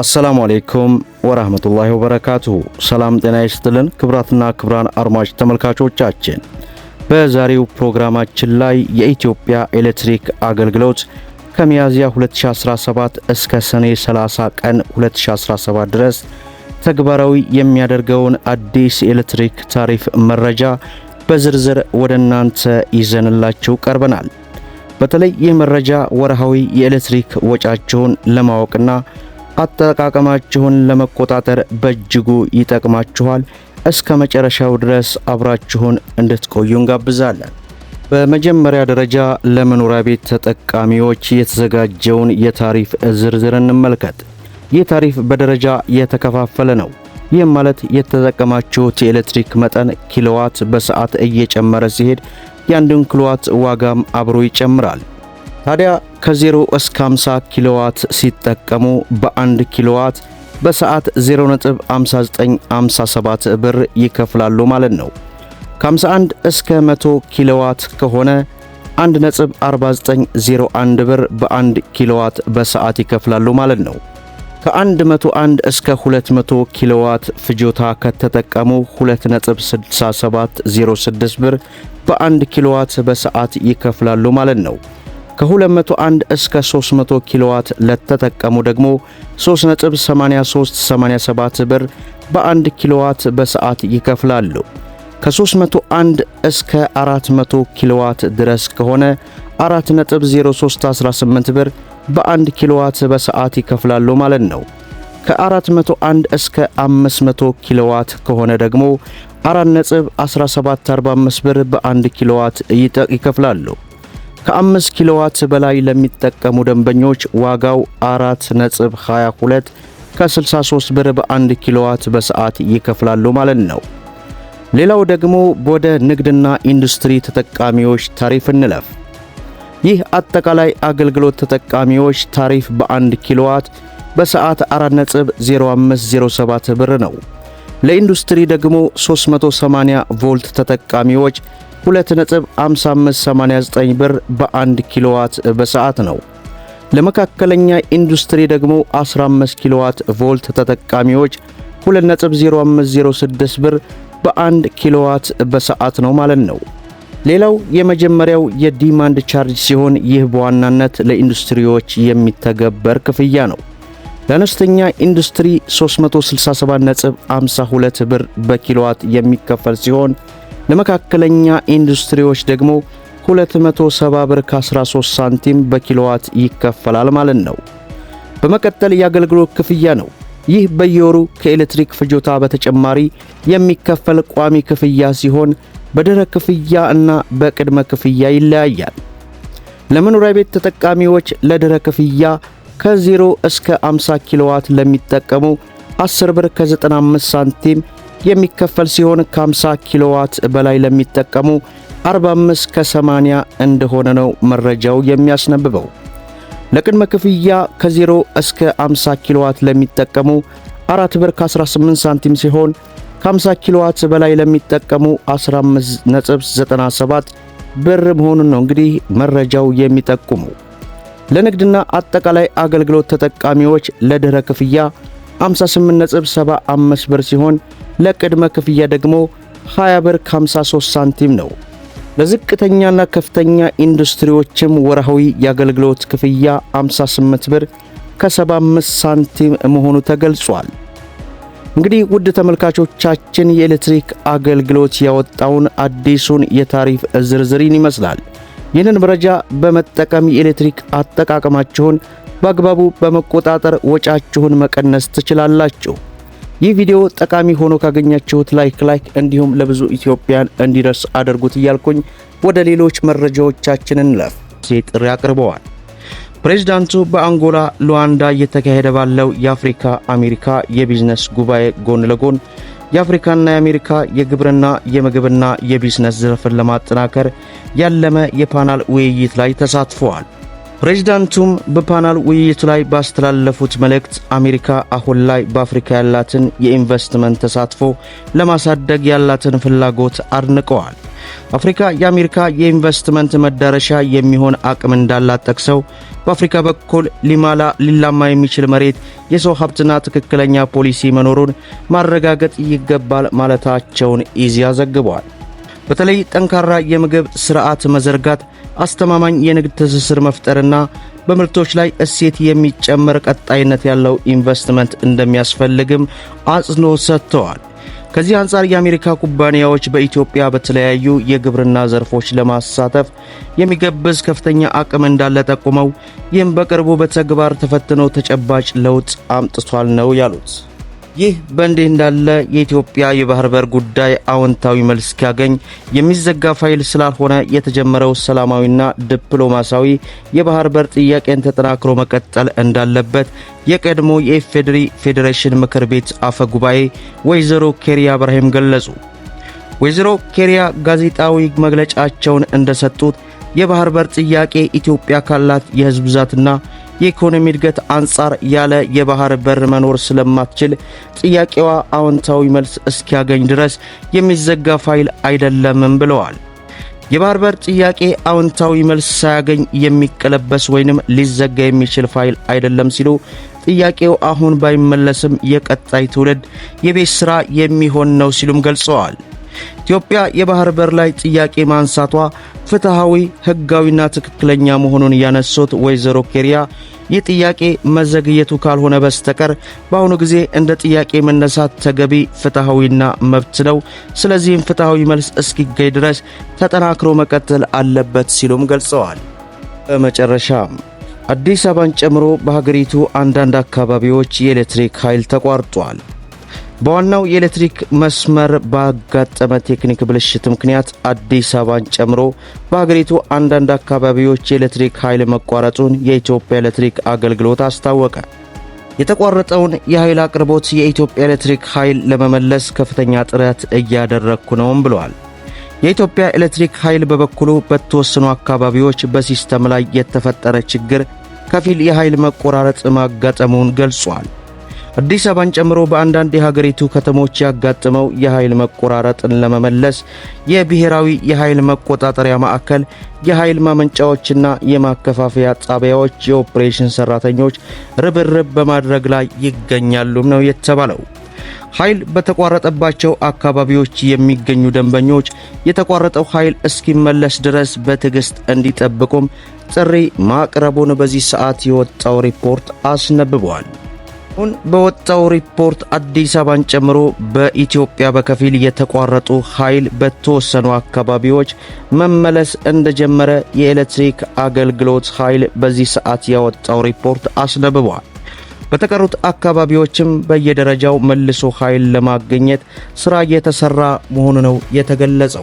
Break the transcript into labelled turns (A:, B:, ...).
A: አሰላሙ አሌይኩም ወራህመቱላሂ ወበረካቱሁ። ሰላም ጤና ይስጥልን ክብራትና ክብራን አድማጭ ተመልካቾቻችን፣ በዛሬው ፕሮግራማችን ላይ የኢትዮጵያ ኤሌክትሪክ አገልግሎት ከሚያዝያ 2017 እስከ ሰኔ 30 ቀን 2017 ድረስ ተግባራዊ የሚያደርገውን አዲስ የኤሌክትሪክ ታሪፍ መረጃ በዝርዝር ወደ እናንተ ይዘንላችሁ ቀርበናል። በተለይ ይህ መረጃ ወርሃዊ የኤሌክትሪክ ወጫችሁን ለማወቅና አጠቃቀማችሁን ለመቆጣጠር በእጅጉ ይጠቅማችኋል። እስከ መጨረሻው ድረስ አብራችሁን እንድትቆዩ እንጋብዛለን። በመጀመሪያ ደረጃ ለመኖሪያ ቤት ተጠቃሚዎች የተዘጋጀውን የታሪፍ ዝርዝር እንመልከት። ይህ ታሪፍ በደረጃ የተከፋፈለ ነው። ይህም ማለት የተጠቀማችሁት የኤሌክትሪክ መጠን ኪሎዋት በሰዓት እየጨመረ ሲሄድ የአንድን ኪሎዋት ዋጋም አብሮ ይጨምራል። ታዲያ ከ0 እስከ 50 ኪሎዋት ሲጠቀሙ በ1 ኪሎዋት በሰዓት 0.5957 ብር ይከፍላሉ ማለት ነው። ከ51 እስከ 100 ኪሎዋት ከሆነ 1.4901 ብር በ1 ኪሎዋት በሰዓት ይከፍላሉ ማለት ነው። ከ101 እስከ 200 ኪሎዋት ፍጆታ ከተጠቀሙ 2.6706 ብር በ1 ኪሎዋት በሰዓት ይከፍላሉ ማለት ነው። ከ201 እስከ 300 ኪሎዋት ለተጠቀሙ ደግሞ 3.8387 ብር በ1 ኪሎዋት በሰዓት ይከፍላሉ። ከ301 እስከ 400 ኪሎዋት ድረስ ከሆነ 4.0318 ብር በ1 ኪሎዋት በሰዓት ይከፍላሉ ማለት ነው። ከ401 እስከ 500 ኪሎዋት ከሆነ ደግሞ 4.1745 ብር በ1 ኪሎዋት ይከፍላሉ። ከአምስት ኪሎዋት በላይ ለሚጠቀሙ ደንበኞች ዋጋው 22 ከ63 ብር በ1 ኪሎዋት በሰዓት ይከፍላሉ ማለት ነው። ሌላው ደግሞ ወደ ንግድና ኢንዱስትሪ ተጠቃሚዎች ታሪፍ እንለፍ። ይህ አጠቃላይ አገልግሎት ተጠቃሚዎች ታሪፍ በ1 ኪሎዋት በሰዓት 4.0507 ብር ነው። ለኢንዱስትሪ ደግሞ 380 ቮልት ተጠቃሚዎች 2.5589 ብር በ1 ኪሎዋት በሰዓት ነው። ለመካከለኛ ኢንዱስትሪ ደግሞ 15 ኪሎዋት ቮልት ተጠቃሚዎች 2.0506 ብር በ1 ኪሎዋት በሰዓት ነው ማለት ነው። ሌላው የመጀመሪያው የዲማንድ ቻርጅ ሲሆን ይህ በዋናነት ለኢንዱስትሪዎች የሚተገበር ክፍያ ነው። ለአነስተኛ ኢንዱስትሪ 367.52 ብር በኪሎዋት የሚከፈል ሲሆን ለመካከለኛ ኢንዱስትሪዎች ደግሞ 270 ብር ከ13 ሳንቲም በኪሎዋት ይከፈላል ማለት ነው። በመቀጠል የአገልግሎት ክፍያ ነው። ይህ በየወሩ ከኤሌክትሪክ ፍጆታ በተጨማሪ የሚከፈል ቋሚ ክፍያ ሲሆን በድህረ ክፍያ እና በቅድመ ክፍያ ይለያያል። ለመኖሪያ ቤት ተጠቃሚዎች ለድህረ ክፍያ ከ0 እስከ 50 ኪሎዋት ለሚጠቀሙ 10 ብር ከ95 ሳንቲም የሚከፈል ሲሆን ከ50 ኪሎዋት በላይ ለሚጠቀሙ 45 ከ80 እንደሆነ ነው መረጃው የሚያስነብበው። ለቅድመ ክፍያ ከ0 እስከ 50 ኪሎዋት ለሚጠቀሙ 4 ብር ከ18 ሳንቲም ሲሆን ከ50 ኪሎዋት በላይ ለሚጠቀሙ 15.97 ብር መሆኑን ነው እንግዲህ መረጃው የሚጠቁሙ። ለንግድና አጠቃላይ አገልግሎት ተጠቃሚዎች ለድኅረ ክፍያ 58.75 ብር ሲሆን ለቅድመ ክፍያ ደግሞ 20 ብር 53 ሳንቲም ነው። ለዝቅተኛና ከፍተኛ ኢንዱስትሪዎችም ወርሃዊ የአገልግሎት ክፍያ 58 ብር ከ75 ሳንቲም መሆኑ ተገልጿል። እንግዲህ ውድ ተመልካቾቻችን የኤሌክትሪክ አገልግሎት ያወጣውን አዲሱን የታሪፍ ዝርዝርን ይመስላል። ይህንን መረጃ በመጠቀም የኤሌክትሪክ አጠቃቀማችሁን በአግባቡ በመቆጣጠር ወጫችሁን መቀነስ ትችላላችሁ። ይህ ቪዲዮ ጠቃሚ ሆኖ ካገኛችሁት ላይክ ላይክ እንዲሁም ለብዙ ኢትዮጵያን እንዲደርስ አድርጉት እያልኩኝ ወደ ሌሎች መረጃዎቻችን እንለፍ። ጥሪ አቅርበዋል። ፕሬዝዳንቱ በአንጎላ ሉዋንዳ እየተካሄደ ባለው የአፍሪካ አሜሪካ የቢዝነስ ጉባኤ ጎን ለጎን የአፍሪካና የአሜሪካ የግብርና የምግብና የቢዝነስ ዘርፍን ለማጠናከር ያለመ የፓናል ውይይት ላይ ተሳትፈዋል። ፕሬዚዳንቱም በፓናል ውይይቱ ላይ ባስተላለፉት መልእክት አሜሪካ አሁን ላይ በአፍሪካ ያላትን የኢንቨስትመንት ተሳትፎ ለማሳደግ ያላትን ፍላጎት አድንቀዋል። አፍሪካ የአሜሪካ የኢንቨስትመንት መዳረሻ የሚሆን አቅም እንዳላት ጠቅሰው በአፍሪካ በኩል ሊማላ ሊላማ የሚችል መሬት፣ የሰው ሀብትና ትክክለኛ ፖሊሲ መኖሩን ማረጋገጥ ይገባል ማለታቸውን ኢዜአ ዘግቧል። በተለይ ጠንካራ የምግብ ስርዓት መዘርጋት አስተማማኝ የንግድ ትስስር መፍጠርና በምርቶች ላይ እሴት የሚጨመር ቀጣይነት ያለው ኢንቨስትመንት እንደሚያስፈልግም አጽንኦት ሰጥተዋል። ከዚህ አንጻር የአሜሪካ ኩባንያዎች በኢትዮጵያ በተለያዩ የግብርና ዘርፎች ለማሳተፍ የሚገብዝ ከፍተኛ አቅም እንዳለ ጠቁመው ይህም በቅርቡ በተግባር ተፈትኖ ተጨባጭ ለውጥ አምጥቷል ነው ያሉት። ይህ በእንዲህ እንዳለ የኢትዮጵያ የባህር በር ጉዳይ አዎንታዊ መልስ ሲያገኝ የሚዘጋ ፋይል ስላልሆነ የተጀመረው ሰላማዊና ዲፕሎማሲያዊ የባህር በር ጥያቄን ተጠናክሮ መቀጠል እንዳለበት የቀድሞ የኢፌዴሪ ፌዴሬሽን ምክር ቤት አፈ ጉባኤ ወይዘሮ ኬሪያ ኢብራሂም ገለጹ። ወይዘሮ ኬሪያ ጋዜጣዊ መግለጫቸውን እንደሰጡት የባህር በር ጥያቄ ኢትዮጵያ ካላት የህዝብ ብዛትና የኢኮኖሚ እድገት አንጻር ያለ የባህር በር መኖር ስለማትችል ጥያቄዋ አዎንታዊ መልስ እስኪያገኝ ድረስ የሚዘጋ ፋይል አይደለምም ብለዋል። የባህር በር ጥያቄ አዎንታዊ መልስ ሳያገኝ የሚቀለበስ ወይንም ሊዘጋ የሚችል ፋይል አይደለም ሲሉ ጥያቄው አሁን ባይመለስም የቀጣይ ትውልድ የቤት ሥራ የሚሆን ነው ሲሉም ገልጸዋል። ኢትዮጵያ የባህር በር ላይ ጥያቄ ማንሳቷ ፍትሐዊ፣ ህጋዊና ትክክለኛ መሆኑን ያነሱት ወይዘሮ ኬሪያ ይህ ጥያቄ መዘግየቱ ካልሆነ በስተቀር በአሁኑ ጊዜ እንደ ጥያቄ መነሳት ተገቢ ፍትሐዊና መብት ነው። ስለዚህም ፍትሐዊ መልስ እስኪገኝ ድረስ ተጠናክሮ መቀጠል አለበት ሲሉም ገልጸዋል። በመጨረሻም አዲስ አበባን ጨምሮ በሀገሪቱ አንዳንድ አካባቢዎች የኤሌክትሪክ ኃይል ተቋርጧል። በዋናው የኤሌክትሪክ መስመር ባጋጠመ ቴክኒክ ብልሽት ምክንያት አዲስ አበባን ጨምሮ በሀገሪቱ አንዳንድ አካባቢዎች የኤሌክትሪክ ኃይል መቋረጡን የኢትዮጵያ ኤሌክትሪክ አገልግሎት አስታወቀ። የተቋረጠውን የኃይል አቅርቦት የኢትዮጵያ ኤሌክትሪክ ኃይል ለመመለስ ከፍተኛ ጥረት እያደረግኩ ነውም ብለዋል። የኢትዮጵያ ኤሌክትሪክ ኃይል በበኩሉ በተወሰኑ አካባቢዎች በሲስተም ላይ የተፈጠረ ችግር ከፊል የኃይል መቆራረጥ ማጋጠሙን ገልጿል። አዲስ አበባን ጨምሮ በአንዳንድ የሀገሪቱ ከተሞች ያጋጠመው የኃይል መቆራረጥን ለመመለስ የብሔራዊ የኃይል መቆጣጠሪያ ማዕከል የኃይል ማመንጫዎችና የማከፋፈያ ጣቢያዎች የኦፕሬሽን ሰራተኞች ርብርብ በማድረግ ላይ ይገኛሉም ነው የተባለው። ኃይል በተቋረጠባቸው አካባቢዎች የሚገኙ ደንበኞች የተቋረጠው ኃይል እስኪመለስ ድረስ በትዕግስት እንዲጠብቁም ጥሪ ማቅረቡን በዚህ ሰዓት የወጣው ሪፖርት አስነብቧል። አሁን በወጣው ሪፖርት አዲስ አበባን ጨምሮ በኢትዮጵያ በከፊል የተቋረጡ ኃይል በተወሰኑ አካባቢዎች መመለስ እንደጀመረ የኤሌክትሪክ አገልግሎት ኃይል በዚህ ሰዓት ያወጣው ሪፖርት አስነብቧል። በተቀሩት አካባቢዎችም በየደረጃው መልሶ ኃይል ለማግኘት ስራ እየተሰራ መሆኑ ነው የተገለጸው።